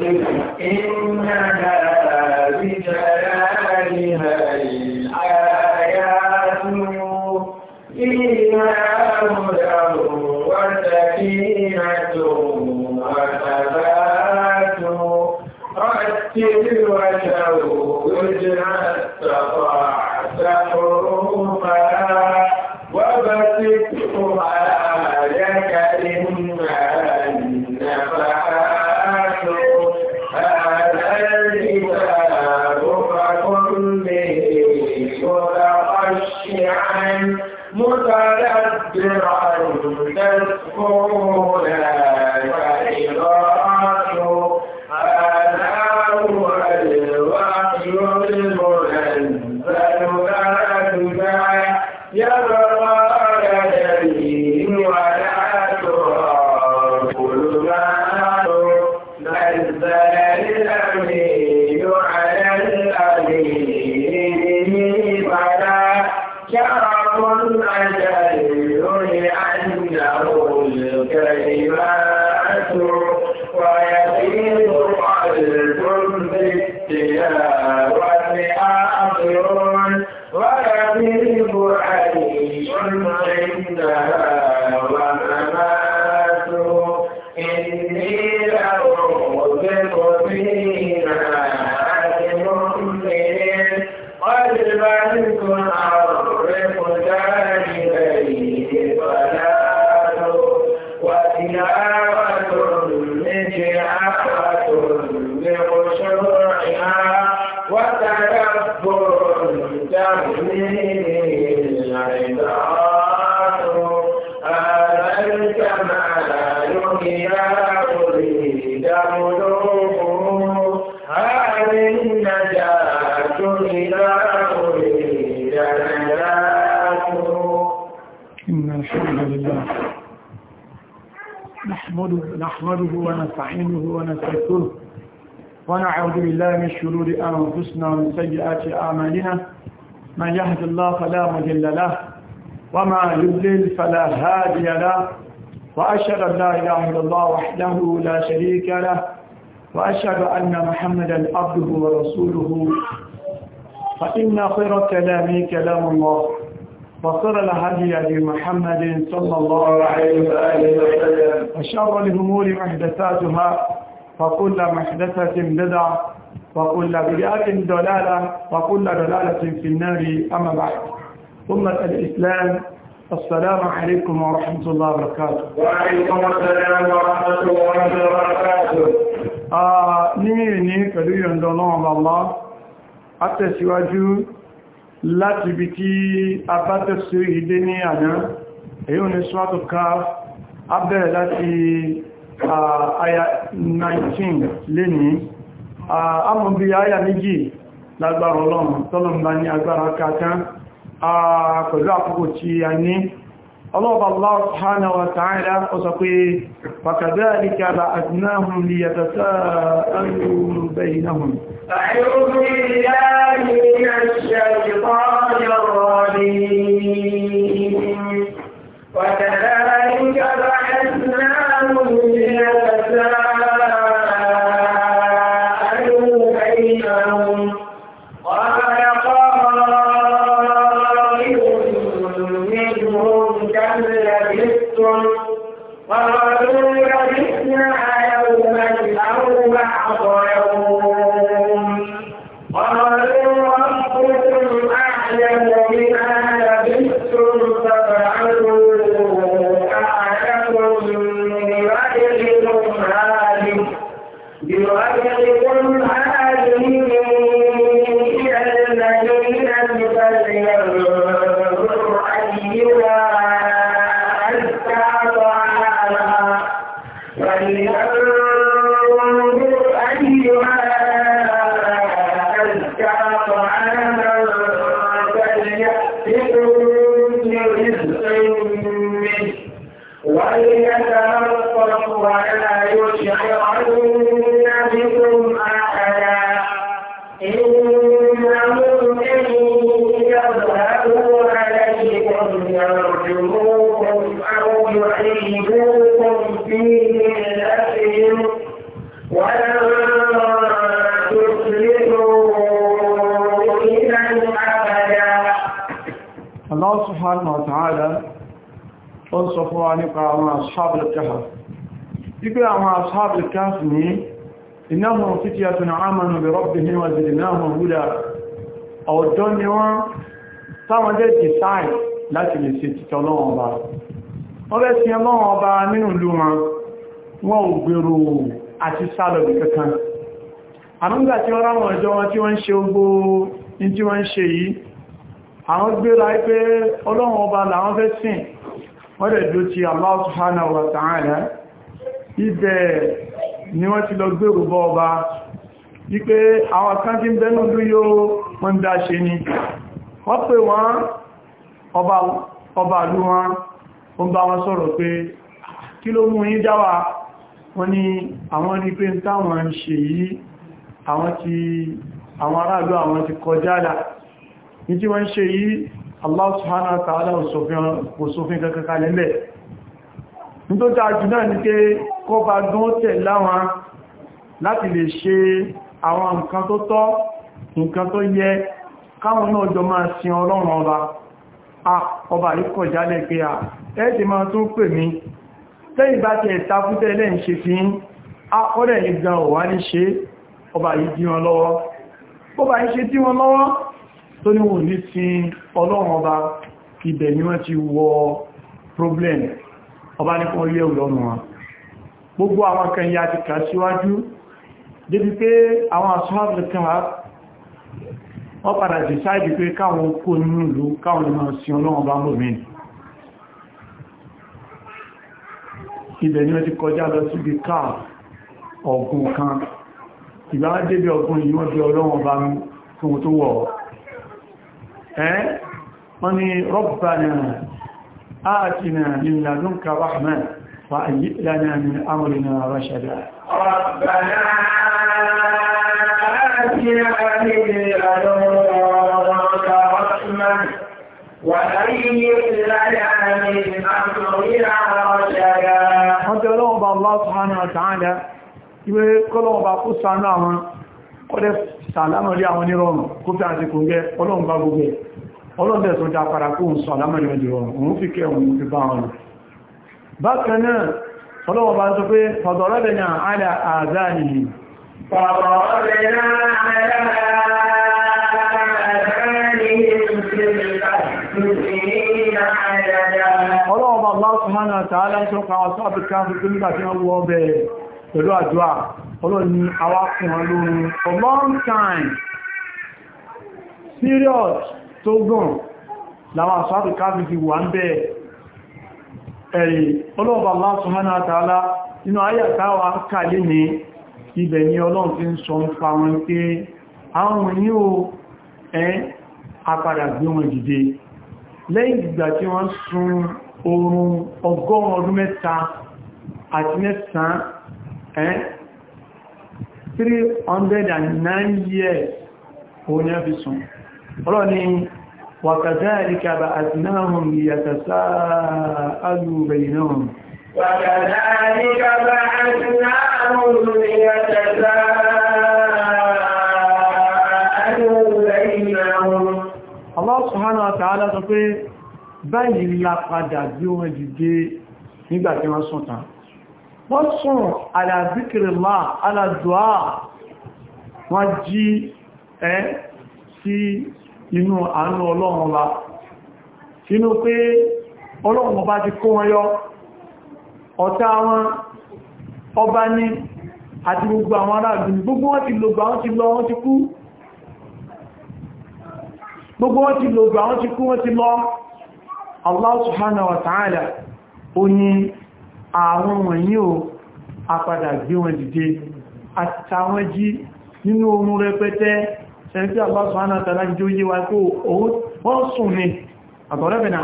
إنها رجال الديار ونستعينه ونستغفره ونعوذ بالله من شرور أنفسنا ومن سيئات أعمالنا من يهد الله فلا مضل له وما يضلل فلا هادي له وأشهد أن لا إله إلا الله وحده لا شريك له وأشهد أن محمدا عبده ورسوله فإن خير كلامي كلام الله وصر الهدي لمحمد صلى الله عليه وآله وسلم وشر الأمور محدثاتها وكل محدثة بدعة وكل بدعة دلالة وكل دلالة في النار أما بعد أمة الإسلام السلام عليكم ورحمة الله وبركاته وعليكم السلام ورحمة الله وبركاته آه نيني كدو يندلون الله أتسواجو láti ibi tí a bá tẹ̀sí ìdé ní àná èyí ni sọ́tọ̀ káf abẹ́rẹ̀ láti àyà 19 lénìí àmọ́ bí àyà méjì lágbára ọlọ́run tọ́lọ̀ الله الله سبحانه وتعالى أسقي فكذلك بعثناهم ليتساءلوا بينهم أعوذ بالله من الشيطان الرجيم وكذلك wa nípa àwọn asáàbìlìkáf wípé àwọn asáàbìlìkáf ní ináhùn fitiyatun amanu bi rabbihim wa zidnahum huda ọ̀dọ́ ni wọ́n táwọn jẹ́ design láti lè ṣe títọ́ lọ́wọ́ ọba wọ́n bẹ́ sí ọlọ́wọ́ ọba ọba làwọn fẹ́ sìn wọ́n dẹ̀ dúró ti Allah subhanahu wa ta'ala ibẹ̀ ni wọ́n ti lọ gbèrò bọ́ ọba wípé àwọn kan tí ń bẹ́nu dú yóò wọ́n dá ṣe ni wọ́n pè wọ́n ọba àlú wọn ó bá wọn sọ̀rọ̀ pé kí ló mú yín jáwà wọ́n ní àwọn ní pé táwọn ṣe yìí àwọn aráàlú àwọn ti kọjá Allah subhanahu wa ta'ala òṣòfin kankan kalẹ̀ mẹ́ nítòtà jù náà ní pé kọ́ bá gán tẹ̀ láwọn láti lè ṣe àwọn nǹkan tó tọ́ nǹkan tó yẹ káwọn náà jọ máa sin ọlọ́run ọba ọba ìkọ̀ jálẹ̀ pé à ẹ́ẹ̀tì máa tún pè mí tẹ́yìn bá tẹ́ ìtakútẹ́ lẹ́ ṣe fi ń akọ́rẹ̀ ìgbà ọ̀wá ní ṣe ọba yìí dí wọn lọ́wọ́ tó ní wọ́n ní sí ọlọ́run ọba ibẹ̀ ni wọ́n ti wọ problem ọba ní kọ́ ilé ọlọ́run wọn gbogbo àwọn kan ya ti kà síwájú débi pé àwọn asọ́rọ̀ kan wọ́n padà decide pé káwọn kó nínú ìlú káwọn lè máa sin ọlọ́run ọba mọ́mí ibẹ̀ ni wọ́n ti kọjá lọ síbi káà ọ̀gùn kan ìgbà wọ́n débi ọ̀gùn yìí wọ́n bí ọlọ́run ọba fún tó wọ̀ ọ́ وني ربنا آتنا من لدنك رحمة فأيئ لنا من أمرنا رشدا ربنا آتنا من لدنك رحمة وأيئ لنا من أمرنا رشدا قد الله سبحانه وتعالى يقول الله بقصة نعمة kọ́dẹ̀ sàlámọ̀rí àwọn onírọ̀rùn kó fẹ́ àti kò gẹ́ ọlọ́run bá gbogbo tó dá padà kó ń sọ àlámọ̀rí onírọ̀rùn òun fi kẹ́ òun fi bá wọn bákan náà ọlọ́wọ́ bá ń sọ pé fọ̀dọ̀rọ̀dẹ̀nà àdà àzáàlìyìn fọ̀dọ̀rọ̀dẹ̀nà àdà ọlọ́run ni àwa fún wọn lóòrùn for long time serious tó gùn láwọn àṣàbì káàkiri wà ń bẹ́ ẹ̀rì ọlọ́ọ̀bà Allah subhanahu wa ta'ala inú ayàtàwà kàlẹ̀ ní ibẹ̀ ni ọlọ́run ti ń sọ ń fa wọn pé àwọn yí o ẹ́ apadà gbé wọn dìde lẹ́yìn ìgbà tí wọ́n sun oorun ọgọ́rùn ọdún mẹ́ta àti mẹ́sàn-án 309 years òun ni a fi sùn ọ̀rọ̀ ni وكذلك بعثناهم ليتساءلوا بينهم وكذلك بعثناهم ليتساءلوا بينهم الله سبحانه وتعالى sọ pé báyìí la padà bí wọ́n dìde nígbàtí wọ́n sùn tán wọ́n sùn àlàzíkìrìlá alàdùá wọ́n jí ẹ́ sí inú àánú ọlọ́run la sínú pé ọlọ́run ọba ti kó wọn yọ ọ̀tá wọn ọba ní àti gbogbo àwọn aráàlú gbogbo wọn ti lògbà wọn ti lọ wọn ti kú gbogbo wọn ti lògbà wọn ti kú wọn ti lọ Allah subhanahu wa ta'ala ó àwọn wọ̀nyí o apadà gbé wọn dìde àtàwọn jí nínú ohun rẹpẹtẹ sẹ́ntí àbáṣọ́nà tàbí yé wa kó wọ́n sùn ní àtọ̀rẹ́bẹ̀nà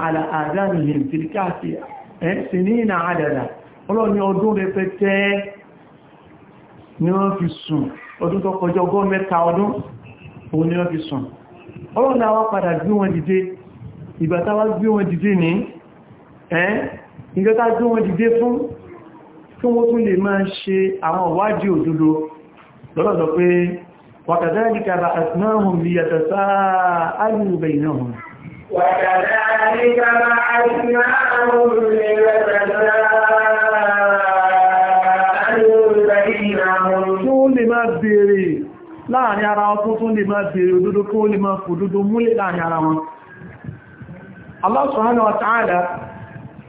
àdáàmìhìn tìríkàtì ẹ̀sìn ní ìnà àdàdà ni wọ́n fi sùn ọdún tó kọjọ ọgọ́ mẹ́ta ọdún òun ni wọ́n fi sùn ọlọ́ni àwọn padà ìjọta tó wọ́n dìde fún tí wọ́n tún lè máa ṣe àwọn ìwádìí òdodo lọ́lọ́sọ pé وكذلك بعثناهم ليتساءلوا بينهم وكذلك بعثناهم ليتساءلوا بينهم tún láàrin ara wọn tún lè máa béèrè òdodo kí wọ́n lè máa fòdodo múlẹ̀ láàrin ara wọn Allah subhanahu wa ta'ala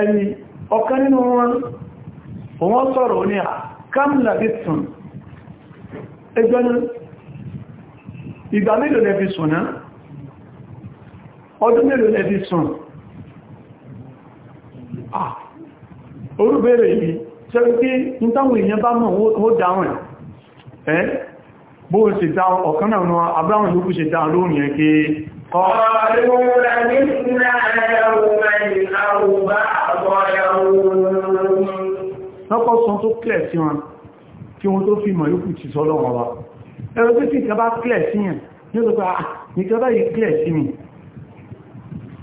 ẹni ọ̀kan nínú wọn wọ́n sọ̀rọ̀ ní à ah, kamla bitsun ìgbà lẹ́fi sùn náà ọdún mélòó lẹ́fi sùn ah orúbẹ̀rẹ̀ yìí sẹ́rí pé ní táwọn èèyàn bá mọ̀ ó dáwọn dáwọn ọ̀kan قالوا لبثنا يوما أو بعض يوم lọ́pọ̀ sọ tó kílẹ̀ sí wọn kí wọ́n tó fi mọ̀ yóò ti sọ lọ́wọ́ wa ẹ̀rọ tó kí ìkẹba kílẹ̀ sí yẹn ní ọ̀tọ̀ pé à ah, nìkẹba yìí kílẹ̀ sí mi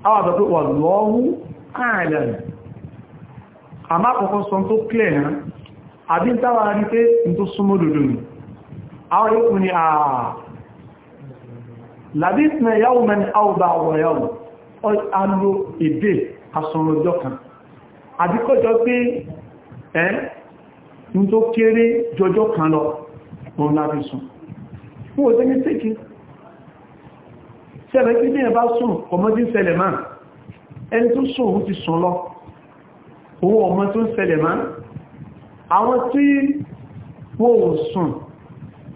àwọn àbẹ̀pẹ̀ wà lọ́wọ́ ààrẹ̀ àmá kọ̀kọ́ sọ ni àwọn labisna yawman aw ba'da yawm alo èdè asọ̀rọ̀jọ́ kan àbíkọ́jọ́ pé ẹ́ ní tó kéré jọjọ́ kan lọ wọn lábí sùn fún òsẹ́ ní tẹ́kì sẹ́rẹ̀ tí ní ẹ̀bá sùn ọmọdé ń ṣẹlẹ̀ máa ẹni tó sùn òun ti sùn lọ owó ọmọ tó ń ṣẹlẹ̀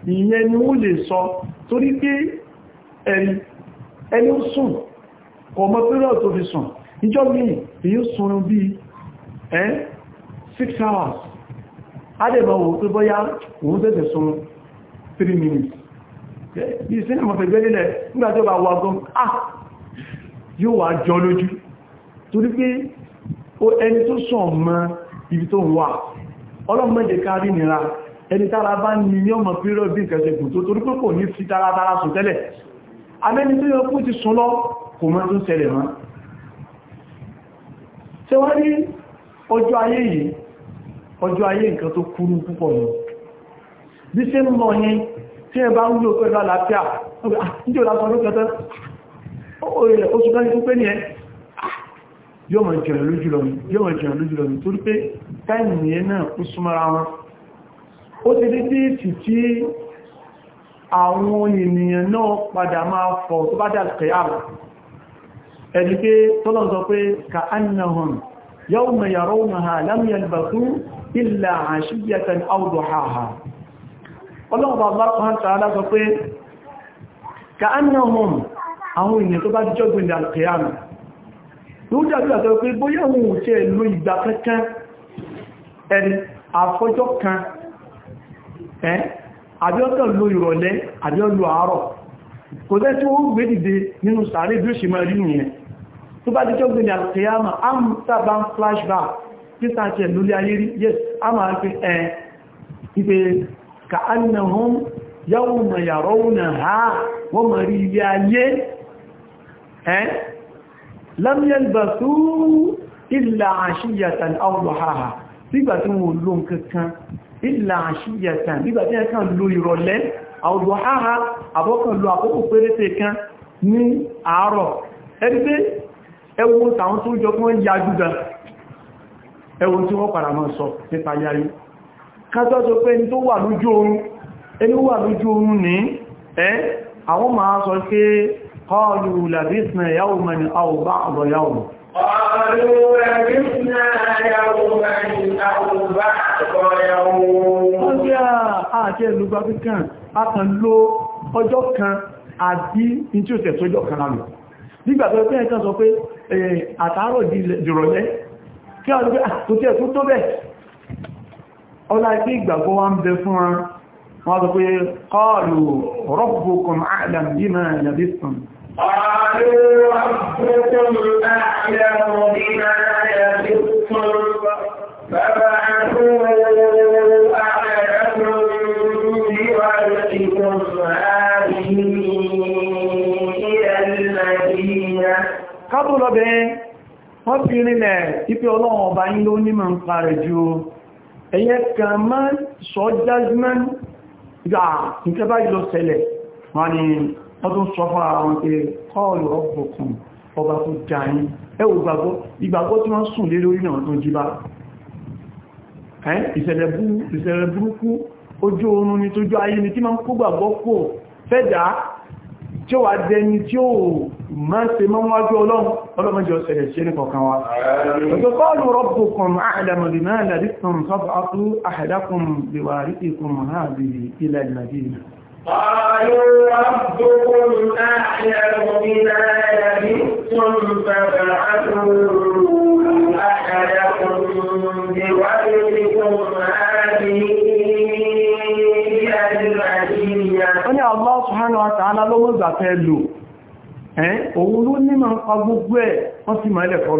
ìyẹn ni wọ́n lè sọ torí pé ẹni ẹni ó sùn kò mọ́ pírọ̀ tó fi sùn ìjọ́ míì èyí sùn bí ẹ́ 6 hours adẹ́bà wò pé bọ́yá òun tẹ́tẹ̀ sùn 3 minutes bí i sínú mọ̀fẹ́ gbẹ́lẹ̀ nígbàtí ó bá wà gọ́m ah yóò wà jọ lójú torí pé ẹni tó sùn mọ́ ibi tó wà ọlọ́mọdé kárí nira ẹni tára bá ní ọmọ pírọ̀ bí ìkẹsẹ̀kùn tó torí pé kò ní fi tára tára sùn tẹ́lẹ̀ amẹ́ni tó yọ kú ti sùn lọ kò mọ́ tó ṣẹlẹ̀ mọ́ tí wọ́n ní ọjọ́ ayé yìí ọjọ́ ayé nǹkan tó kúrú púpọ̀ mọ́ bí ṣe ń lọ yẹn tí ẹ bá ń lò pẹ̀lú àlàáfíà níjọ́ lásán ló kẹta oṣù kan ní pé ní ẹ yóò mọ̀ jẹ̀rẹ̀ lójúlọ mi yóò ó ti dé tí àwọn ènìyàn náà padà máa fọ̀ tó bá dà kẹ̀ àmà ẹni pé tọ́lọ̀ sọ pé ka annahum yawma yarawnaha lam yalbathu illa ashiyatan aw duhaha àwọn ènìyàn tó bá jọ́gbìn ní alkiyama ló jàbí pé bóyá wọn ò tẹ́ ló ìgbà kankan àbí ọ̀tọ̀ lo ìrọ̀lẹ́ àbí ọ̀lọ àárọ̀ kò tẹ́ tí ó gbé dìde nínú sàárè bí ó ṣe máa rí nìyẹn tó bá díjọ́ gbé ní àkẹyàmà á ń sábà ń flashback tí sáàtì ẹ̀ lórí ayé rí yes a máa ń fi ẹ ipe ka annahum yawma yarawnaha ìlà àṣíyàtà nígbà tí ẹ̀kàn lo ìrọ̀lẹ́ àwọ̀dọ̀ àhá àbọ́kàn lo àkókò péréte kan ní àárọ̀ ẹgbẹ́ ẹwọ tàwọn tó jọ kí wọ́n ya júgbà ẹwọ tí wọ́n padà mọ́ sọ nípa yáyé kátọ́tọ́ pé ní tó wà lójú oorun ẹni wà lójú oorun ní ẹ́ àwọn máa sọ pé kọlù làbísìnà yawman aw ba'da yawm قالوا لبثنا يوما أو بعض يوم ọjọ́ àti ẹlùgbà kíkàn a kàn lò ọjọ́ kan àbí in tí ó tẹ̀ tọ́jọ́ kan lálọ́ nígbàtọ̀ pé ẹ̀kan sọ pé àtàárọ̀ dìrọ̀lẹ́ kí a lọ pé tó ah, tẹ́ tó tó bẹ̀ ọlá ìpín ìgbàgbọ́ wa ń bẹ fún wọn wọ́n sọ pé qalu rabbukum a'lam bima labithtum قالوا ربكم أعلم بما يصفون فبعثوا أحدكم بورقكم هذه إلى المدينة قبل بين wọ́n fi rílẹ̀ ipé ọlọ́run ọba yín ló ní ma ń parẹ̀ jù ẹ̀yẹ kan máa sọ judgment gbà nítẹ́bá ìlọ́sẹ̀lẹ̀ wọ́n ni ọdún sọ fún àwọn pé kọ́ọ̀lù ọgbọ̀kùn ọba tó dáyín ẹwù gbàgbọ́ ìgbàgbọ́ tí wọ́n sùn lé lórí náà tó jíbá ìṣẹ̀lẹ̀ burúkú ojú oorun ni tójú ayé ni tí ma ń kó gbàgbọ́ kò fẹ́dà tí ó wà dẹni tí ó máa ṣe mọ́ wájú ọlọ́run ọlọ́mọjọ́ onye ربكم أعلم بما لبثتم فابعثوا أحدكم lọ́wọ́ ìgbàfẹ́ lò, ẹ́ òun ló ní máa ń pa gbogbo ẹ̀ wọ́n sì máa ilẹ̀ pé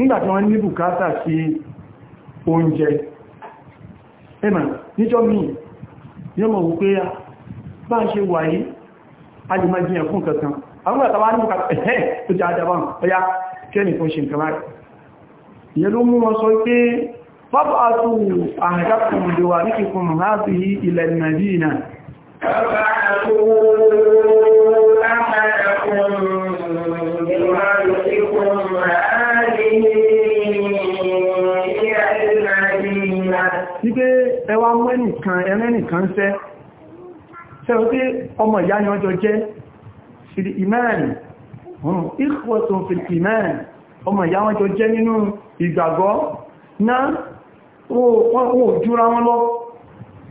nígbàtí wọ́n ní bùkátà sí oúnjẹ, ẹmà níjọ́ mìí yóò mọ̀ wípé bá ń ṣe wà yìí alìmájíyàn fún kankan àwọn àtàwà ní ọkà ẹ̀ẹ́ tó jẹ́ àjàbọn ọya kẹ́ni fún ṣe nǹkan láti ìyẹ́ ló mú wọn sọ pé bábá àtò àjákùn ìdíwà ríkì fún mọ̀háàbí ilẹ̀ nàìjíríà Ibé ẹwà mẹ́nìkan ẹrẹ́nìkan sẹ́ sẹ́ o tí ọmọ ìyá ni ọjọ́ jẹ́ fìdí ìmẹ́rin ìkwọ̀tún fìdí ìmẹ́rin ọmọ ìyá wọn jọ jẹ́ nínú ìgbàgbọ́ náà wọn ò júra wọn lọ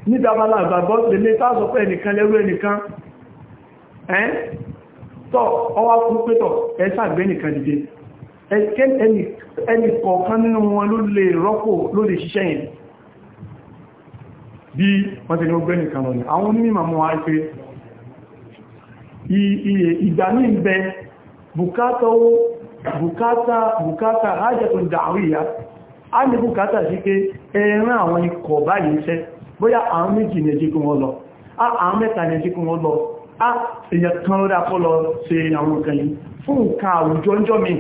nídàbálà ìgbàgbọ́ lèlé tààsọ pé ẹnìkan lẹ́rú ẹnìkan ẹ́n tọ́ ọwá kú pétọ̀ ẹ̀sàgbé nìkan dìde ẹnìkọ̀ọ̀kan nínú wọn ló lè rọ́pò ló lè ṣiṣẹ́ yẹn bí wọ́n ti ní ọgbẹ́ nìkan wọ̀nyí àwọn onímọ̀ mọ́ wá pé iye ìgbà ní ìbẹ̀ bùkátà hajjẹ́tò dàríyà a ní bùkátà sí pé ẹran àwọn ikọ̀ báyìí iṣẹ́ bóyá àwọn méjì ní ẹjíkún wọn lọ àwọn mẹ́ta ní ẹjíkún wọn lọ a èyàn kan rọ́dá kọ́ lọ ṣe àwọn nǹkan yìí fún nǹkan àwùjọ ń jọ mi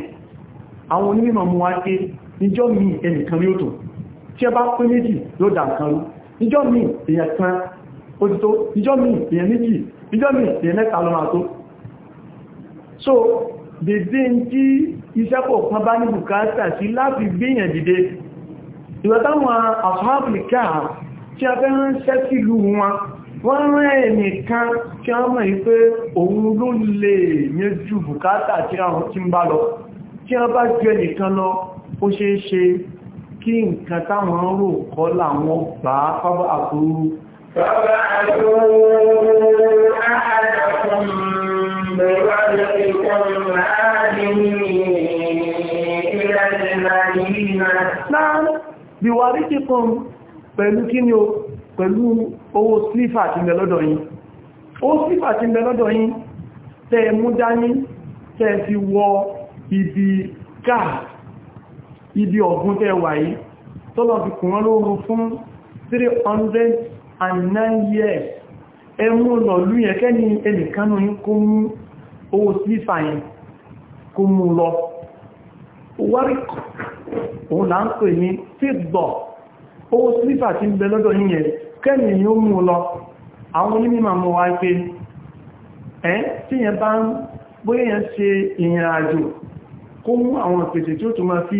àwọn onímọ̀ mú wá pé níjọ́ mi ẹnìkan rí ó tó tí ẹ bá pín méjì ló dà nǹkan rú ìjọ́ mi èèyàn kan òtítọ́ ìjọ́ mi èèyàn méjì ìjọ́ mi èèyàn mẹ́ta lọ máa tó so dèdè ń tí iṣẹ́ pọ̀ kan bá ní bùkátà sí láti gbéyàn dìde ìwọ̀táwọn àfáàpìlìkà tí a fẹ́ ránṣẹ́ sílú wọn wọ́n rán ẹnìkan tí a mọ̀ wípé òun ló lè yanjú bùkátà tí a ti ń bá lọ tí a bá ju ẹnìkan lọ ó ṣeé kí nǹkan táwọn rò kọ́ làwọn bá fábá àkúrú Bàbá àjòrò àádọ́kùn bẹ̀rọ ìkọlù láàrin ìrìnlẹ̀ Nàìjíríà. Láàrín bí wà rí kíkún pẹ̀lú kí ni o pẹ̀lú owó slífà ti bẹ lọ́dọ̀ yín. Owó slífà ti bẹ lọ́dọ̀ yín tẹ́ mú dání tẹ́ fi wọ ibi gáà ibi ọ̀gùn tẹ́ wà yìí tọ́lọ̀ fi kùnrán lóòrùn fún 309 years ẹmú lọ̀lú yẹn kẹ́ni ẹnìkanú yí kó mú owó sífà yẹn kó mú lọ wárìkọ̀ òun là ń pè ní fíìdọ̀ owó sífà ti ń bẹ lọ́dọ̀ yíyẹn kẹ́ni yóò mú lọ àwọn onímọ̀ mọ̀ wá pé ẹ́ tí yẹn bá ń bóyẹ̀ yẹn ṣe ìrìn àjò kó mú àwọn ìpèsè tí ó tún máa fi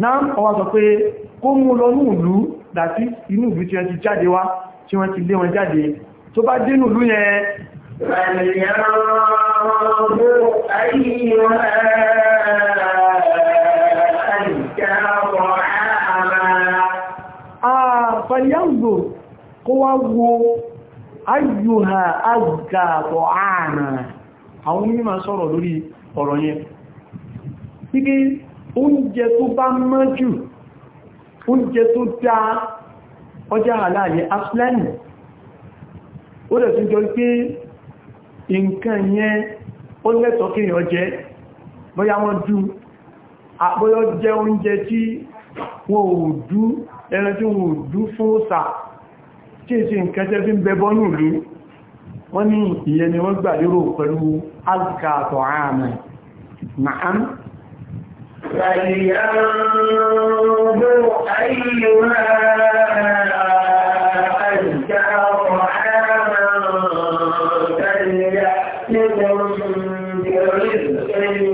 na ọwá sọ pé kó mú lọ ní ìlú dàtí inú ìlú tí wọ́n ti jáde wá tí wọ́n ti lé wọn jáde tó bá dínú ìlú yẹn kó wá wo ayyùhà agbàtọ̀ ààrùn àwọn mímọ̀ lórí ọ̀rọ̀ yẹn. oúnjẹ tó bá mọ́ jù oúnjẹ tó dáa ọjá àláàrí aflẹ́nì ó rẹ̀ tún jọ pé nǹkan yẹn ó lẹ́tọ̀ kí èèyàn jẹ bóyá wọ́n dú àbóyọ́ jẹ oúnjẹ tí wọ́n ò dú ẹran tí wọ́n ò dú fún òsà tí èsì nǹkan tẹ́ fi ń bẹ bọ́nù lú wọ́n ní ìyẹn wọ́n gbà lérò pẹ̀lú alka àtọ̀ ààmì فلينظر أيها أزكى طعاما فليأتكم برزق منه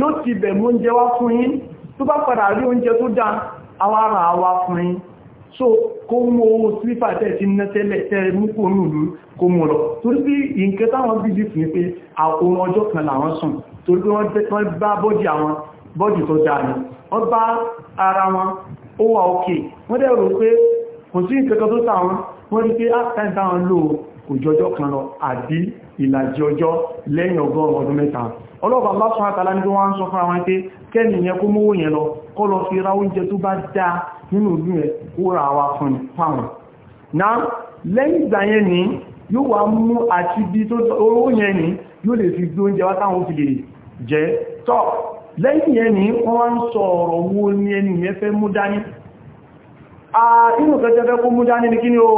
yóò ti bẹ̀ mú oúnjẹ wá fún yín tó bá padà rí oúnjẹ tó dá àwọn ará wá fún yín so kó mú owó sílífà tẹ́ ti ná tẹ́lẹ̀ tẹ́rẹ mú kó nù lú kó mú lọ torí bí ìǹkẹta wọn bí bí fún ní pé ọjọ́ kan làwọn sùn torí wọ́n bá bọ́dì àwọn bọ́dì tó dáa ní wọ́n bá ara wọn ó wà òkè wọ́n dẹ̀ rò pé kò sí ìkẹ́kọ́ tó sáwọn wọ́n rí pé ah, ápẹ́ntà wọn lò kò jọjọ́ kan lọ àbí ìlàjì ọjọ́ lẹ́yìn ọgọ́rùn ọdún mẹ́ta ọlọ́pàá bá sọ àtàlá ní wọ́n sọ fún àwọn pé na lẹ́yìn ìgbà ni yóò wá mú àti bí tó owó yẹn ni yóò lè fi gbé oúnjẹ wá lè jẹ́ tọ́ lẹ́yìn ẹni wọ́n ń sọ ọ̀rọ̀ wo ní ẹni yẹn fẹ́ mú dání inú kẹjẹ́fẹ́ kó mú dání ní kí ni o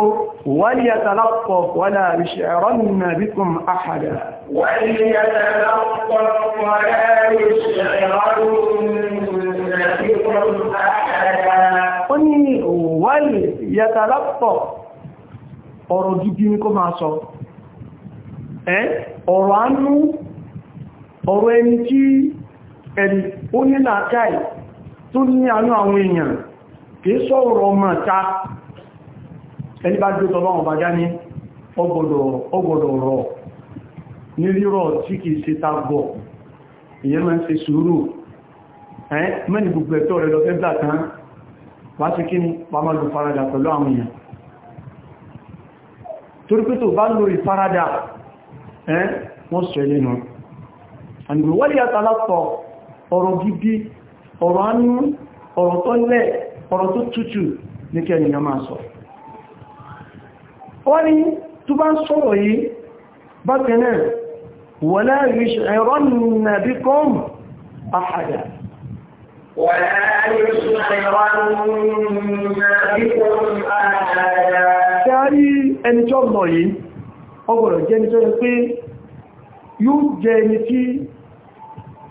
wàlíyàtàlápọ̀ wàlá ìṣẹ̀rọ̀ nínú bíkùn àhàdà wàlíyàtàlápọ̀ wàlá ìṣẹ̀rọ̀ nínú bíkùn àhàdà ó ní wàlíyàtàlápọ̀ ọ̀rọ̀ ọ̀rọ̀ ẹni tí ẹni ó ní làákàì tó ní àánú àwọn èèyàn kìí sọ̀rọ̀ ọmọ ta ẹni bá gbé tọ́lọ́wọ̀n bá já ní ọgbọ̀dọ̀ rọ̀ ní rírọ̀ tí kìí ṣe ta gọ̀ ìyẹn máa ń ṣe sùúrù mẹ́ni gbogbo ẹ̀tọ́ rẹ̀ lọ fẹ́gbà tán wá sí kí ní wọ́n sọ ilé náà àgbè wọ́n yà tàlátọ̀ ọ̀rọ̀ gidi ọ̀rọ̀ anú ọ̀rọ̀ tó lẹ̀ ọ̀rọ̀ tó tútù ní kí ènìyàn máa sọ wọ́n ni tó bá ń sọ̀rọ̀ yìí bákanáà wala yush'iranna bikum ahada Ṣárí ẹni tó lọ yìí, ọgbọ̀rọ̀ jẹ́ ni tó yẹ pé yóò jẹ ẹni tí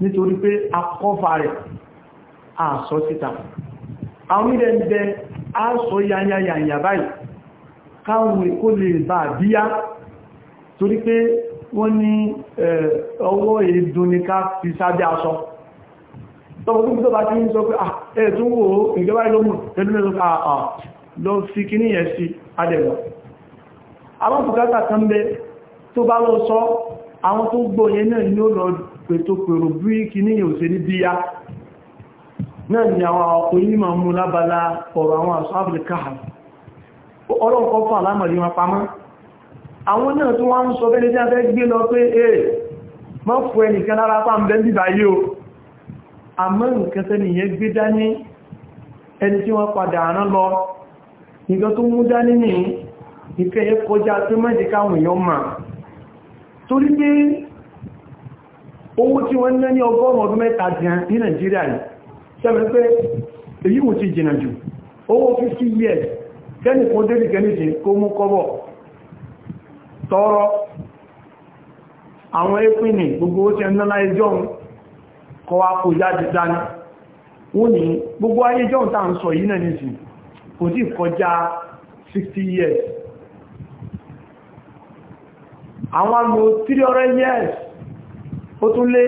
nítorí pé akọ́fà rẹ̀ àṣọ síta àwọn ilẹ̀ ń bẹ àṣọ yanyanyanya báyìí káwọn èkó lè bá bíyá torí pé wọ́n ní ọwọ́ èdùn ní ká fi sábẹ́ aṣọ tọ́bọ̀ tó gbọ́bá tí ń sọ pé ẹ̀ẹ̀tún wo ìjọba ìlọ́mù tẹ́lúmẹ́lú lọ fi kí ẹ̀ sí adẹ̀lọ àwọn bùkátà kan pètò pèrò bí kìíní yóò ṣe ní bíyá náà ni àwọn onímọ̀ mú lábala ọ̀rọ̀ àwọn àṣọ́bìlìkà ọlọ́nkọ́ fún àlámọ̀rí wọn pamọ́ àwọn náà tó wọ́n ń sọ bẹ́lẹ̀ tí a fẹ́ gbé lọ pé ee mọ́ fún ẹnìkan lára pàmbẹ́ bíbá yìí o àmọ́ nǹkan tẹ́nìyàn gbé owó tí wọ́n ná ní ọgọ́rùn ọdún mẹ́ta dìán ní Nàìjíríà yìí sẹ́mẹ́ pé èyí wù ti jìnà jù owó 50 years kẹ́nì kan débì kẹ́nìjì kó mú kọ́bọ̀ tọ́rọ àwọn ẹ́pìnì gbogbo ó ti ẹ̀nà láìjọ́ kọ́ apò jáde dání wọ́n gbogbo ayéjọ́ tàà ń sọ yìí náà kò tí kọjá 60 years àwọn àmì 300 years ó tún lé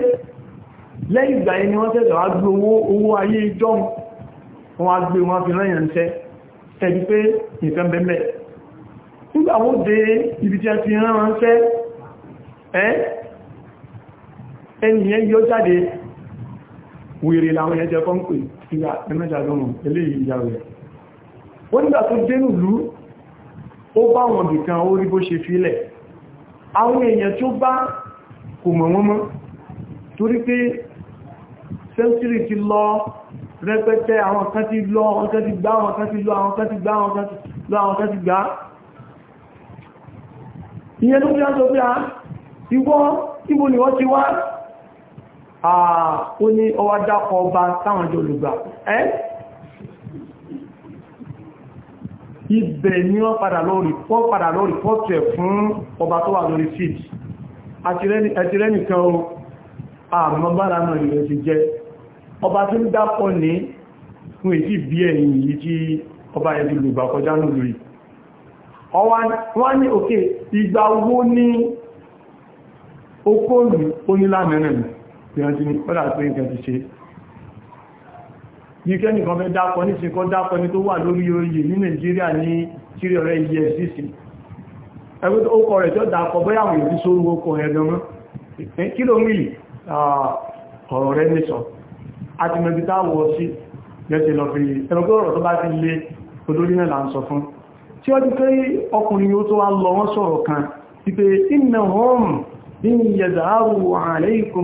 lẹ́yìn ìgbà yẹn ni wọ́n tẹ́jọ wá gbé owó ayé ìjọ́ wọn wá gbé wọn fi rẹ́yàn ṣẹ́ ẹ̀dí pé nǹkan bẹ̀mẹ̀ nígbà wó dé ibi tí a ti rán wọn ṣẹ́ ẹ́ ẹniyàn yóò jáde wèrè làwọn ẹjẹ́ kan pè sígbà ẹmẹ́ta lọ́rùn eléyìí ìyá rẹ̀ ó bá kò mọ̀ wọ́n mọ́ torí pé sẹ́ńtírì ti lọ rẹpẹtẹ àwọn kan ti lọ àwọn kan ti gbá àwọn kan ti lọ àwọn kan ti gbá àwọn kan ti lọ àwọn kan ti gbá ìyẹn ló fi á sọ pé a ah, ìwọ́ ìwò ni wọ́n ti wá ah, ó ní ọwá dákọ̀ ọba táwọn jọ lùgbà ẹ́ ibẹ̀ ni wọ́n padà lórí pọ́ padà lórí pọ́tẹ̀ fún ọba tó wà lórí fíìdì àti rẹ́nìkan o àmọ́bára náà ilẹ̀ ti jẹ́ ọba tí ń dápọ̀ ní fún èsì bí ẹ̀yìn yìí tí ọba ẹ̀dì lùgbà kọjá ní lórí wọ́n ní òkè ìgbà owó ní okóòlù onílámẹ́rẹ̀mù ìrántí ní kọ́dà pé nǹkan ti ṣe ní kẹ́nìkan fẹ́ dápọ̀ ní ṣe kọ́ dápọ̀ ní tó wà lórí oyè ní Nàìjíríà ní sírí ọ̀rẹ́ EFCC ẹgbẹ́ tó kọ rẹ̀ tó dápọ̀ bóyá àwọn èdè sórúkọ ẹ̀dọ́mọ́ kí ló ń rí Ah, ọ̀rọ̀ rẹ̀ nìsọ̀ àti mẹ́bí táwọ̀ sí lẹ́sẹ̀ lọ fi ẹ̀rọgbẹ́ ọ̀rọ̀ tó bá ti lé olórí náà là sọ fún tí ó ti pé ọkùnrin yóò tó wá lọ wọ́n sọ̀rọ̀ kan wípé iná hóm bí i yẹ̀dáàrù àlẹ́ìkùn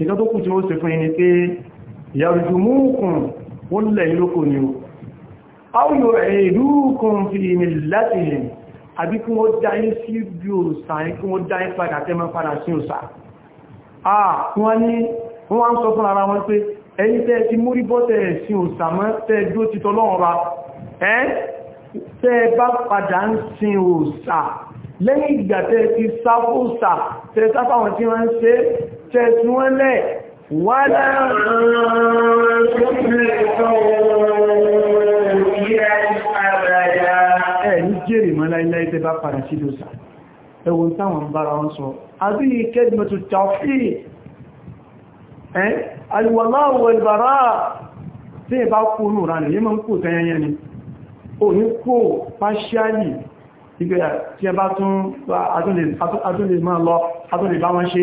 nǹkan tó kù tí ó ṣe fún ẹni pé yàrùjùmúkùn wọ́n lẹ̀ lókò ni ó áwùyọ̀ ẹ̀rùkùn fi láti rìn àbí kí wọ́n dáyé sí bí òsà kí wọ́n dáyé padà tẹ́mọ́ padà sí òsà wọ́n sọ fún ara wọn pé ẹni tẹ́ ti múrí bọ́tẹ̀ sí òsà mọ́ tẹ́ dó ti tọ́lọ́run ra ẹ́ tẹ́ bá padà ń sin òsà lẹ́yìn ìgbà tẹ́ ti tẹ̀sùn wọn lẹ̀ wà láàrín ẹ̀yìn jèrè mọ́ láìláì tẹ́ bá padà sí lóòsà ẹwọ́n táwọn bára wọn sọ àbí kẹ́dìmọ̀tò tàfí alìwọ̀láwọ̀ ìbára tí ẹ bá kú ní ìrànlẹ̀ yẹ́ mọ́ ń kú tẹ́yẹnyẹ́ ni ò ní kú pàṣíálì ìgbẹ̀ tí ẹ bá tún adúlè máa lọ adúlè bá wọn ṣe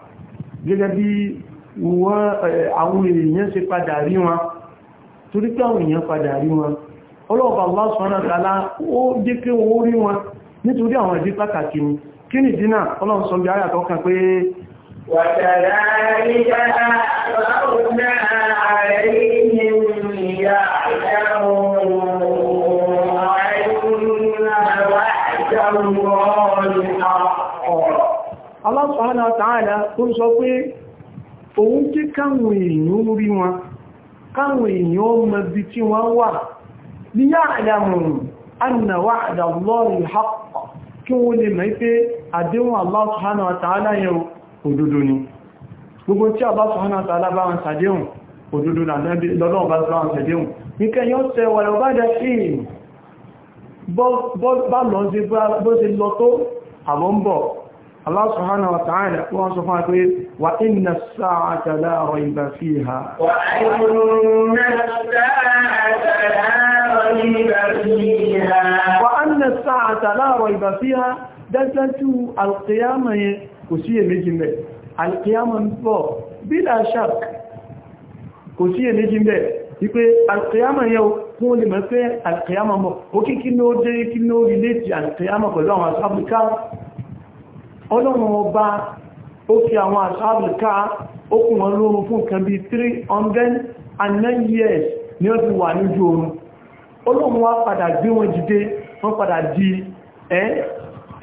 gẹ́gẹ́ bí àwọn èèyàn ṣe padà rí wọn torí pé àwọn èèyàn padà rí wọn ọlọ́ọ̀bà Allah subhanahu wa ta'ala ó jẹ́ pé wọ́n rí wọn nítorí àwọn ìdí pàtàkì ni kí ni dínà ọlọ́run pé wàtàlá subhanahu wa ta'ala tó sọ pé òun tí káwọn èèyàn rí wọn káwọn èèyàn ọmọ ibi tí wọ́n wà ní ya'lamu anna wa'da Allahi haqq kí wọ́n lè mọ̀ pé àdéhùn Allah subhanahu wa ta'ala yẹn òdodo ni gbogbo tí Allah subhanahu wa ta'ala bá wọn sàdéhùn òdodo lọ́lọ́wọ́ bá wọn sàdéhùn nìkan yóò tẹ wà lọ bá dá sí bọ́ bá lọ sí bó ṣe lọ tó àwọn ń bọ̀ الله سبحانه وتعالى هو وإن الساعة لا ريب فيها وإن الساعة لا ريب فيها وأن الساعة لا ريب فيها دلت القيامة كسية نجمة القيامة فوق بلا شك كسية نجمة يقول القيامة يو كون لما القيامة مو وكي كنو جي كنو يليتي القيامة كلهم أصحاب الكار ọlọ́run ọba ó fi àwọn àṣábìká okùn wọn lórun fún nǹkan bí 309 years ni ó ti wà níjú oorun ọlọ́run wá padà gbé wọn jìde wọ́n padà di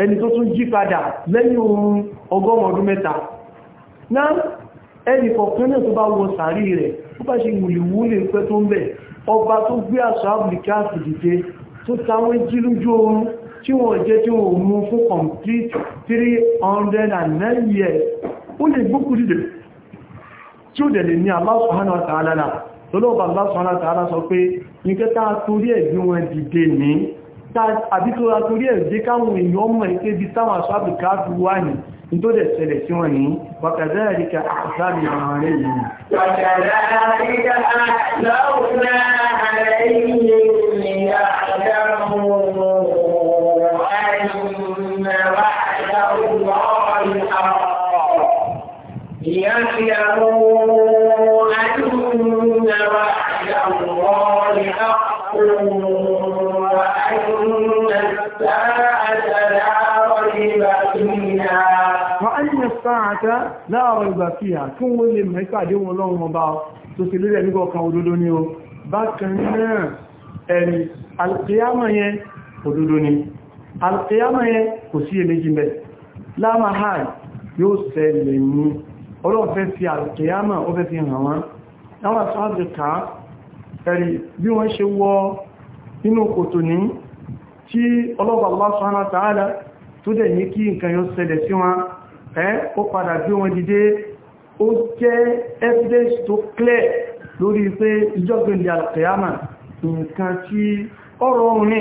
ẹni tó tún jí padà lẹ́yìn oorun ọgọ́rùn ọdún mẹ́ta náà ẹni kọ̀ọ̀kan náà tó bá wọ sàárì rẹ̀ ó bá ṣe wùlìwúlì pẹ́ tó ń bẹ̀ ọba tó gbé àṣábìká sì dìde tó táwọn jí lójú oorun tí wọ́n jẹ́ tí wọ́n mú fún complete 309 years ó lè gbókù dìde tí ó dẹ̀lẹ̀ ní Allah subhanahu wa ta'ala lọ́lọ́bà Allah subhanahu wa ta'ala sọ pé ní kẹta torí ẹ̀gbí wọn dìde ní àbí tó ra torí ẹ̀gbí káwọn èèyàn mọ̀ ike sáàtà láàrọ̀ ìgbà fi hà kí wọ́n lè mọ̀ ìpàdé wọn lọ́wọ́ ọba tó sì lórí ẹ̀mí kọ̀ọ̀kan òdodo ni o bákan náà ẹ̀rì alkiyama yẹn òdodo ni alkiyama yẹn kò sí èméjì mẹ́ láàmà hàn yóò ṣẹlẹ̀ ní ọlọ́fẹ́ fi alkiyama ó fẹ́ fi hàn tí ọlọ́bàá Allah subhanahu wa ta'ala tó dẹ̀ ní kí nǹkan yóò ṣẹlẹ̀ sí wọn ó padà bí wọn dìde ó jẹ́ evidence to clear lórí pé ìjọ́gbìnlẹ̀ alkiyama nǹkan tí ọ̀rọ̀ ọ̀run ní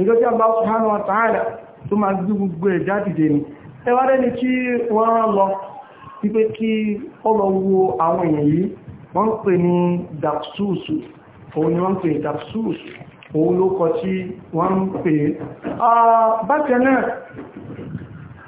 ìjọ́ tí Allah subhanahu wa ta'ala tó máa gbí gbogbo ẹ̀dá dìde ni ẹwàrẹ́ ni kí wọ́n lọ kí ọlọ́wọ́ àwọn èèyàn yìí wọ́n ń pè ní dapsusu òun ni wọ́n ń pè dapsusu òun ló kọ tí wọ́n ń pè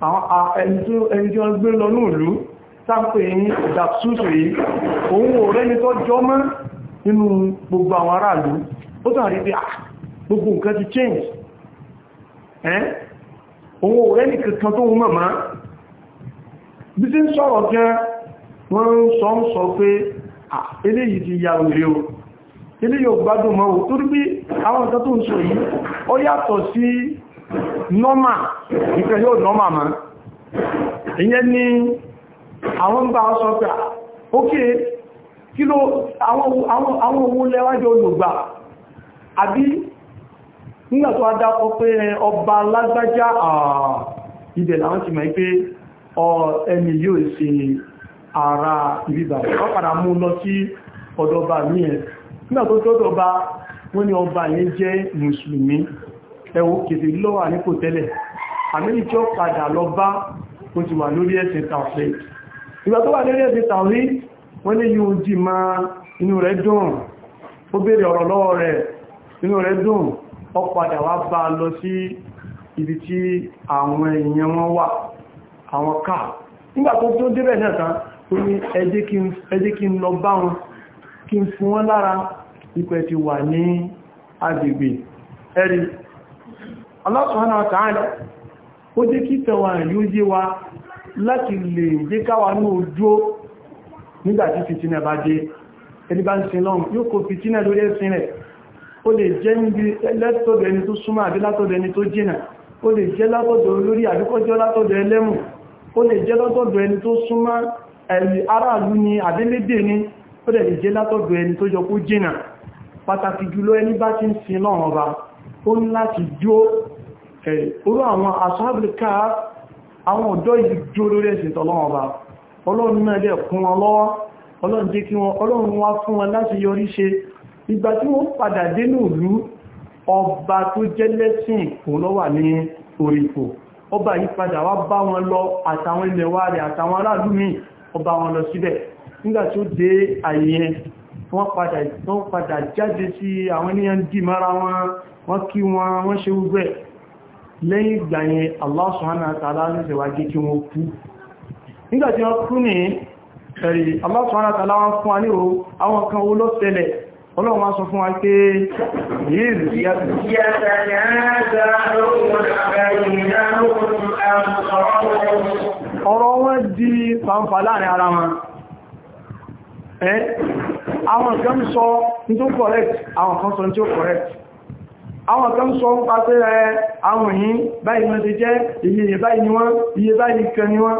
ẹni tí wọ́n gbé lọ ní sáàpẹ̀ yìí òun rẹ́ni tó jọ mọ́ nínú gbogbo àwọn aráàlú ó ah, gbogbo nǹkan ti change òun rẹ́ni kankan tó bí tí ń sọ̀rọ̀ gan wọ́n ń sọ sọ pé ah, eléyìí ti ya òrè o eléyìí ò gbádùn normal nǹkan yóò normal mọ́ ìyẹn ni àwọn bá sọ pé ókè kí ló àwọn owó lẹ́wájọ olùgbà àbí nígbà tó pé ọba lágbájá ibẹ̀ làwọn ti mọ̀ pé ẹni yóò ṣe ara ìbíbà wọ́n padà mú lọ sí ọ̀dọ̀ba ní ẹ̀ nígbà tó tọ́dọ̀ba wọ́n ní ọba yẹn jẹ́ mùsùlùmí ẹwọ kèfè lọ́wà nípò tẹ́lẹ̀ àmìlì tí ó padà lọ bá kò ti wà lórí ẹ̀sìn tàwí ìgbà tó wà lórí ẹ̀sìn tàwí wọ́n ní yíò jì ma inú rẹ̀ dùn ó bèèrè ọ̀rọ̀ lọ́wọ́ rẹ̀ inú rẹ̀ dùn ó padà wá bá lọ sí ibi tí àwọn èèyàn wà Allah subhanahu wa ta'ala o jẹ́ wa láti ka jẹ́ káwà ní nigba nígbàtí fìtínà bá dé ẹni bá ń sin lọ́n yóò kó fìtínà lórí ẹ̀sìn o le lè jẹ́ níbi látọ̀dọ̀ ẹni tó súnmọ́ àbí látọ̀dọ̀ ẹni tó jìnà ó lè jẹ́ látọ̀dọ̀ olórí àbíkọ́jọ́ látọ̀dọ̀ ẹlẹ́mù ó ni àbílédè ni ó lè jẹ́ látọ̀dọ̀ ẹni ó ń láti jó orú àwọn asáàbìríkà àwọn ọ̀dọ́ yìí jó lórí ẹ̀sìn tọ́lọ́wọ́ba ọlọ́run náà lẹ́ kún wọn lọ́wọ́ ọlọ́run jẹ́ kí wọn ọlọ́run wá fún wọn láti yọrí ṣe ìgbà tí wọ́n padà dé ọba tó wá bá wọn lọ àtàwọn ilẹ̀ wa rẹ̀ àtàwọn aráàlú mi ọba wọn lọ síbẹ̀ nígbà tó dé àyè yẹn wọ́n padà jáde sí àwọn ènìyàn dì mara wọn wọ́n kí wọn wọ́n ṣe gbogbo ẹ̀ lẹ́yìn ìgbà yẹn Allah ọlọ́run wá sọ fún wa pé yìí ọ̀rọ̀ wọn di fàǹfà láàrin ara wọn ẹ́ àwọn kan sọ ní tó correct àwọn kan sọ ní tó correct àwọn kan sọ ń pàṣẹ rẹ àwọn yìí báyìí wọ́n ti jẹ́ iye báyìí ni wọ́n iye báyìí kan ni wọ́n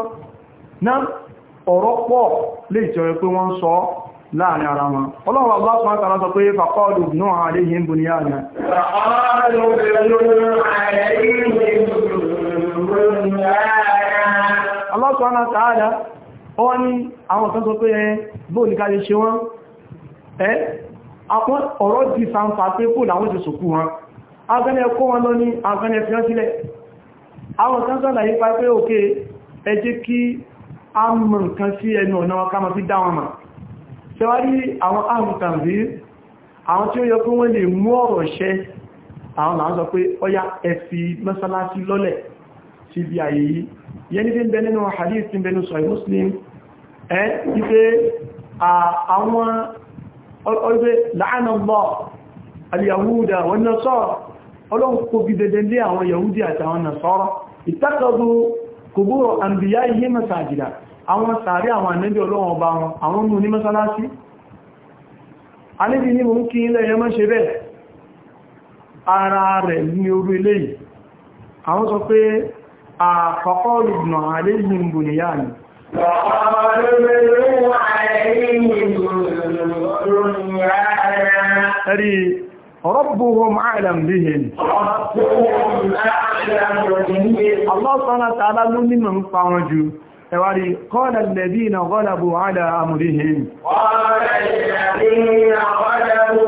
ná ọ̀rọ̀ pọ̀ lè jọ pé wọ́n sọ láàrin ara wọn ọlọ́run àbá sọ àtàrà sọ pé fàkọ́ọ̀lù náà àléhìn bù ní àná aláṣọ́nà tààdà ọwọ́ ní àwọn kan sọ pé ẹ bóò ní káyẹ ṣe wọ́n ẹ́ ọ̀rọ̀ di sanfà pé bóò láwọn ti sòkú wọn agẹ́ni ẹkọ́ wọn lọ ní agẹ́ni ẹ̀fẹ́ sílẹ̀ àwọn kan sọ́lá yípa pé òkè ẹ jẹ́ kí a mọ̀ nǹkan sí ẹnu ọ̀nà wọn ká mọ̀ sí dáwọn mà ṣẹwárí àwọn àmùtàǹdí àwọn tí ó yẹ kó wọ́n lè mú ọ̀rọ̀ ṣẹ àwọn là ń tí ń bẹ nínú sọ̀rọ̀ muslim ẹ́ ọlọ́run kò bí dẹ̀dẹ̀ lé àwọn yahudi àtàwọn nasara ìtàkọ̀dù kòbúrò àǹbìyá ihe masajida àwọn sàárì àwọn ànẹ́bí ọlọ́run ọba wọn àwọn mú ní mọ́sálásí alébí ní mú kí ilẹ̀ yẹmọ́ ṣe bẹ́ẹ̀ ara rẹ̀ ربهم أعلم بهم الله سبحانه وتعالى لمن من فاوجو ẹwàrí kọ́lá lẹ́bí na gọ́làbù àdá àmúríhìn kọ́lá lẹ́bí na gọ́làbù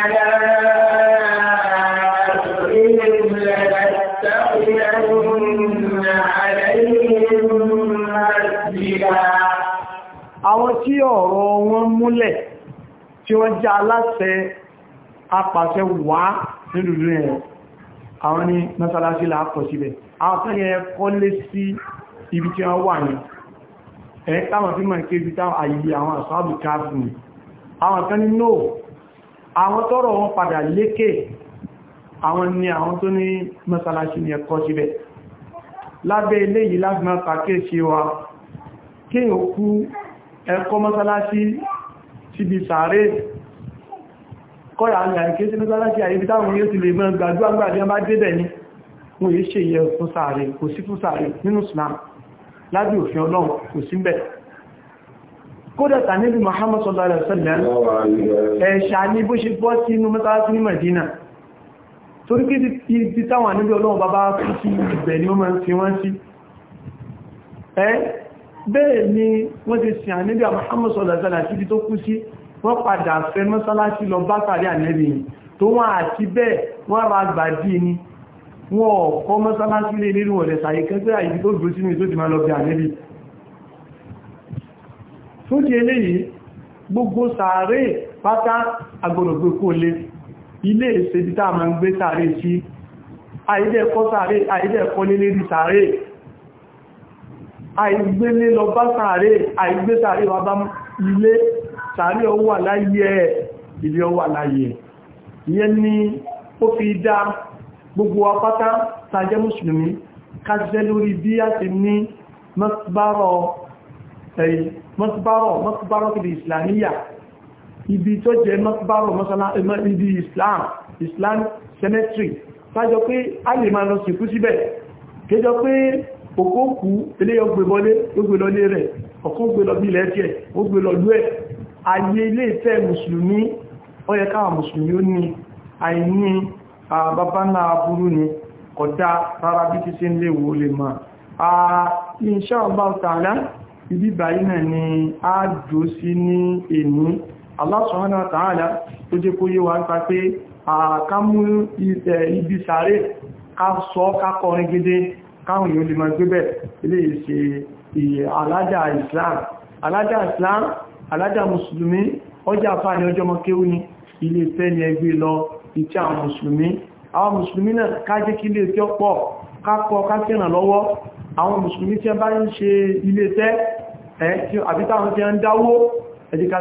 àdá àmúríhìn lẹ́gbẹ̀ẹ́sẹ̀kùnrin àdáyìn mọ́sílá àwọn tí ọ̀rọ̀ wọn múlẹ̀ tí wọ́n jẹ́ aláṣẹ apàṣẹ wà nínú rẹ̀ àwọn ní mẹ́sàlásí láàpọ̀ síbẹ̀ àwọn tó yẹ kọ́lé sí ibi tí wọ́n wà ní ẹ̀ táwọn fi mọ̀ kébí táwọn àyíyí àwọn àṣọ́bù káàkiri àwọn ni àwọn tó ní mẹ́sàlásí ní ẹ̀kọ́ síbẹ̀ lábẹ́ ilé yìí láti máa pàkéèṣe wa kí òkú ẹ̀kọ́ mẹ́sàlásí síbi sàárè kọ́yà àmì àìkéṣẹ́ mẹ́sàláṣì àyíbí táwọn yóò ti lè mọ́ gbàdúgbà bí wọ́n bá débẹ̀ ní wọ́n yìí ṣe yẹ fún sàárè kò sí fún sàárè nínú Islam lábí òfin Ọlọ́run kò sí mbẹ̀ kódẹ̀ta níbi Muhammad sallallahu alaihi wasallam ẹ̀ṣà ní bó ṣe bọ́ sí inú mẹ́sàláṣì ní Medina torí kí ti táwọn àníbí Ọlọ́run bá bá kú sí wọ́n padà fẹ́ mọ́sálásí lọ bá sàrí ànẹ́bì ni tó wọ́n àti bẹ́ẹ̀ wọ́n ra gbàdí ni wọ́n kọ́ mọ́sálásí lè nínú ọ̀rẹ́ sàyẹ kẹsẹ́ àyíkí tó gbé sínú ìtó ti máa lọ bí ànẹ́bì fún ti eléyìí gbogbo sàárè pátá agbọ̀nàgbé kó lé ilé ìsẹ́bí tá a máa ń gbé sàárè sí àìdẹ́ẹ̀kọ́ sàárè àìdẹ́ẹ̀kọ́ lé lérí sàárè àìgbélé lọ bá sàárè àìgbé sàárè wà bá ilé sàárì ọwọ́ wà láyé ẹ̀ ilé ọwọ́ wà láyé ẹ̀ ìyẹn ni ó fi dá gbogbo apáta tàjẹ́ mùsùlùmí kájẹ́ lórí bí a ti ní mọ́síbárọ̀ mọ́síbárọ̀ kìdì islamiyya ibi tó jẹ́ mọ́síbárọ̀ ibi islam islam cemetery sájọ pé a lè máa lọ sìnkú síbẹ̀ kéjọ pé òkú òkú ilé ọgbẹ̀bọlé ó gbé lọ lé rẹ̀ ọkún gbé lọ bí ilẹ̀ ó gbé ẹ̀ ayé ilé ìfẹ́ mùsùlùmí ó yẹ káwà mùsùlùmí ó ní àìní bàbá náà burú ni kọ̀dá rárá bí títí ń léwò lè mọ̀ insha Allah ta'ala ibi báyìí náà ni a dò sí ní èní Allah subhanahu wa ta'ala tó jẹ́ kó yé wa nípa pé ká mú ibi sàárè ká sọ ká Islam alájà Islam alájà mùsùlùmí ọjà fáàní ọjọ́ mọ́kéwú ni ilé ìfẹ́ ni ẹgbẹ́ lọ ìtí àwọn mùsùlùmí àwọn mùsùlùmí náà kí ilé ìfẹ́ pọ̀ kápọ̀ lọ́wọ́ àwọn tí bá ń ṣe ilé ìfẹ́ àbí táwọn tí ń dáwó ẹ̀díkà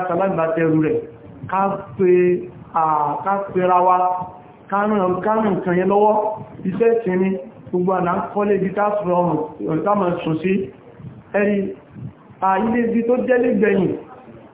ká pera wa kánù nǹkan ilé ibi tó jẹ́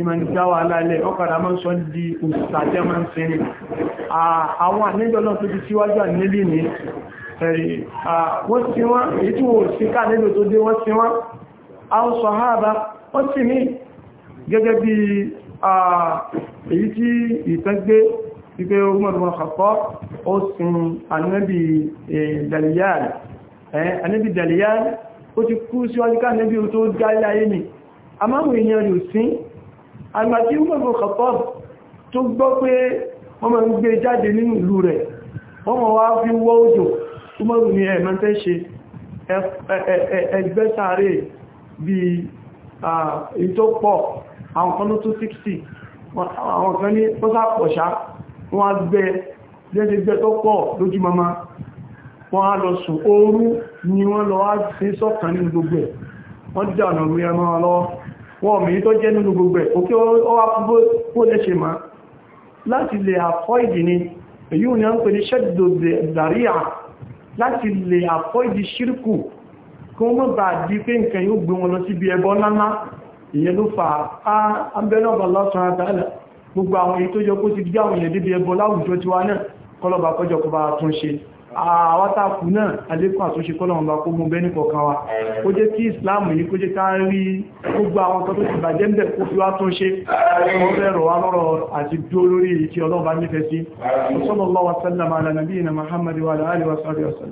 ìmọ̀ ní dáwà aláìlẹ̀ ọkàdà máa ń sọ di òṣìṣàjẹ́ máa ń sin ni àwọn àníjọ́lọ́ tó ti síwájú ànílì ní wọ́n sí wọ́n èyí tí wọ́n sí ká nílò tó dé wọ́n sí wọ́n àwọn sọ̀háàbá wọ́n sì ní gẹ́gẹ́ bí èyí tí ìtẹ́gbé wípé ogunmọ̀dún ọ̀kọ̀ ni àmáhùn èèyàn rẹ̀ sí àgbàtí Umar Khattab tó gbọ́ pé wọ́n máa ń gbé jáde nínú ìlú rẹ̀ wọ́n máa wá fi wọ́ òjò Umar ní ẹ̀mọ́ tẹ́ ṣe ẹgbẹ́ sáré bí ìtọ́pọ̀ àwọn kan tó 60 àwọn kan ní pọ́sápọ̀ṣá wọ́n gbẹ́ jẹ́ gbẹ́ tó pọ̀ lójú mama wọ́n á lọ sùn oorú ni wọ́n lọ á sí sọ́kàn nínú gbogbo ẹ̀ wọ́n dà ọ̀nà orí ẹmọ́ lọ́wọ́ wọn mi tó jẹ́ nínú gbogbo ẹ̀ òkè ọwá bó lè ṣe máa láti lè avoid ní èyí ni a ń pè ní ṣẹ́dìdò dàríà láti lè avoid ṣírkù kí wọ́n mọ́ bá di pé nǹkan yóò gbé wọn lọ síbi ẹbọ ńláńlá ìyẹn ló fà á abẹ́nàbà lọ́sàn àtàlẹ̀ gbogbo àwọn èyí tó yọ kó ti gbé àwọn èèyàn débi ẹbọ láwùjọ tiwa náà kọlọ́bà kọjọ kó bá tún ṣe àwátàkù náà alékún àtúnṣe kọ́lọ̀wọ̀n bá kó mú bẹ́ ní kọ̀ọ̀kan wa ó jẹ́ kí islam yìí kó jẹ́ ká rí gbogbo àwọn kan tó ti bàjẹ́ ń bẹ̀ kó fi wá tún ṣe wọ́n bẹ̀rọ wa lọ́rọ̀ àti dúó lórí ìtí ọlọ́run bá nífẹ̀ẹ́ sí sallallahu wa sallam ala nabiyyina Muhammad wa ala alihi wa sahbihi